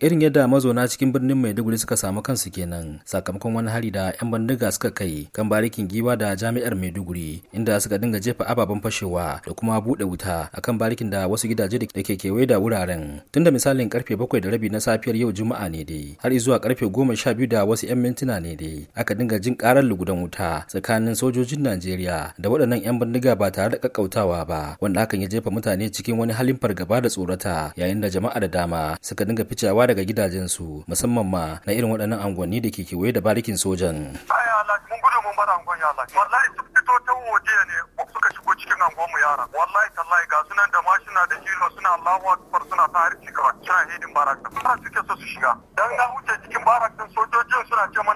irin yadda mazauna cikin birnin maiduguri suka samu kansu kenan sakamakon wani hari da yan bandiga suka kai kan barikin giwa da jami'ar maiduguri inda suka dinga jefa ababen fashewa da kuma bude wuta akan barikin da wasu gidaje da ke kewaye da wuraren tunda misalin karfe bakwai da rabi na safiyar yau juma'a ne dai har zuwa karfe goma sha biyu da wasu yan mintuna ne dai aka dinga jin karar lugudan wuta tsakanin sojojin najeriya da waɗannan yan bandiga ba tare da kakkautawa ba wanda hakan ya jefa mutane cikin wani halin fargaba da tsorata yayin da da jama'a da dama suka dinga ficewa daga gidajensu musamman ma na irin waɗannan angwanni da ke kewaye da barikin sojan. mun mun bar angon ya Allah wallahi su fito ta waje ne suka shigo cikin angon yara wallahi tallahi ga sunan da mashina da jino suna Allahu akbar suna tarihi kawai suna hidin baraka ba suke so su shiga dan na wuce cikin barakan sojojin suna ce mana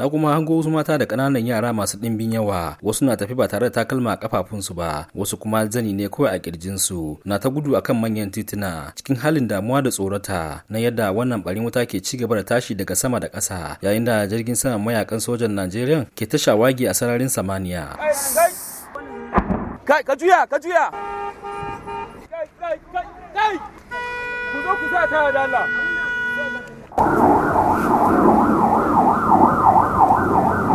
na kuma hango wasu mata da ƙananan yara masu ɗimbin yawa wasu na tafi ba tare da takalma a kafafunsu ba wasu kuma zani ne kawai a ƙirjinsu na ta gudu akan manyan tituna cikin halin damuwa da tsorata na yadda wannan barin wuta ke ci gaba da tashi daga sama da ƙasa yayin da jirgin sama mayakan sojan Najeriya ke ta shawagi a sararin samaniya. Kai, ka juya, ka juya! Kai, kai, kai, kai! Ku zo ku sa ta da Allah! Thank you.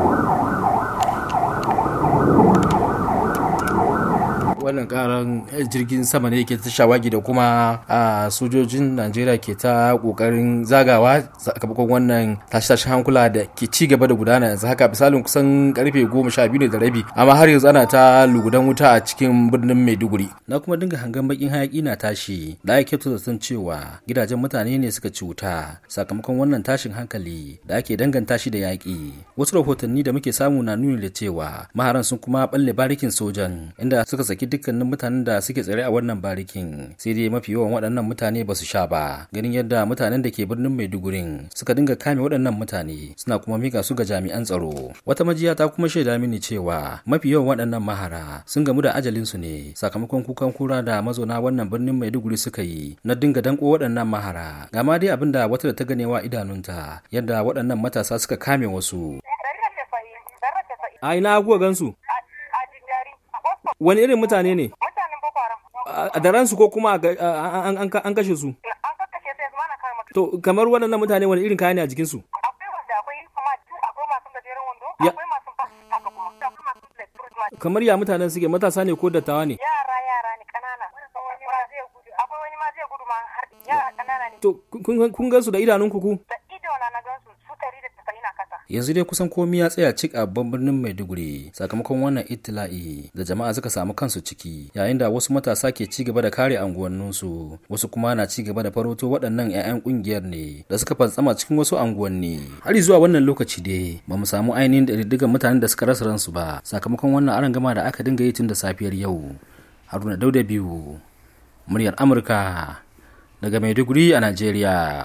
wannan karan eh, jirgin sama ne ke ta shawagi da kuma a sojojin najeriya ke ta kokarin zagawa sakamakon wannan tashe-tashen hankula da ke ci gaba da gudana yanzu haka misalin kusan karfe goma sha biyu ne da rabi amma har yanzu ana ta lugudan wuta a cikin birnin maiduguri na kuma dinga hangen bakin hayaki na tashi da ake kyautu san cewa gidajen mutane ne suka ci wuta sakamakon wannan tashin hankali da ake danganta shi da yaki wasu rahotanni da muke samu na nuni da cewa maharan sun kuma balle barikin sojan inda suka saki dukkanin mutanen da suke tsare a wannan barikin sai dai mafi yawan waɗannan mutane ba su sha ba ganin yadda mutanen da ke birnin maidugurin suka dinga kame waɗannan mutane suna kuma mika su ga jami'an tsaro wata majiya ta kuma shaida mini cewa mafi yawan waɗannan mahara sun gamu da ajalin su ne sakamakon kukan kura da mazauna wannan birnin maiduguri suka yi na dinga danko waɗannan mahara ga ma dai abin da wata da ta ganewa idanunta yadda waɗannan matasa suka kame wasu a ina kuka gansu Wani irin mutane ne? Mutanen Boko Haram. A ko kuma an kashe su? To kamar waɗannan mutane wani irin kaya ne a jikin Akwai Kamar ya mutanen suke matasa ne ko dattawa ne? Yara yara ne ƙanana. akwai wani ma zai gudu ma har yara ƙanana ne. To kun gan su da idanun kuku Da idona na gan su, su tari da yanzu dai kusan komi ya tsaya cik a babban birnin maiduguri sakamakon wannan itila'i da jama'a suka samu kansu ciki yayin da wasu matasa ke ci gaba da kare anguwanninsu wasu kuma na ci gaba da faroto waɗannan 'ya'yan ƙungiyar ne da suka fantsama cikin wasu anguwanni har zuwa wannan lokaci dai ba mu samu ainihin da diddigan mutanen da suka rasa ransu ba sakamakon wannan arangama da aka dinga yi tun da safiyar yau haruna dauda biyu muryar amurka daga maiduguri a najeriya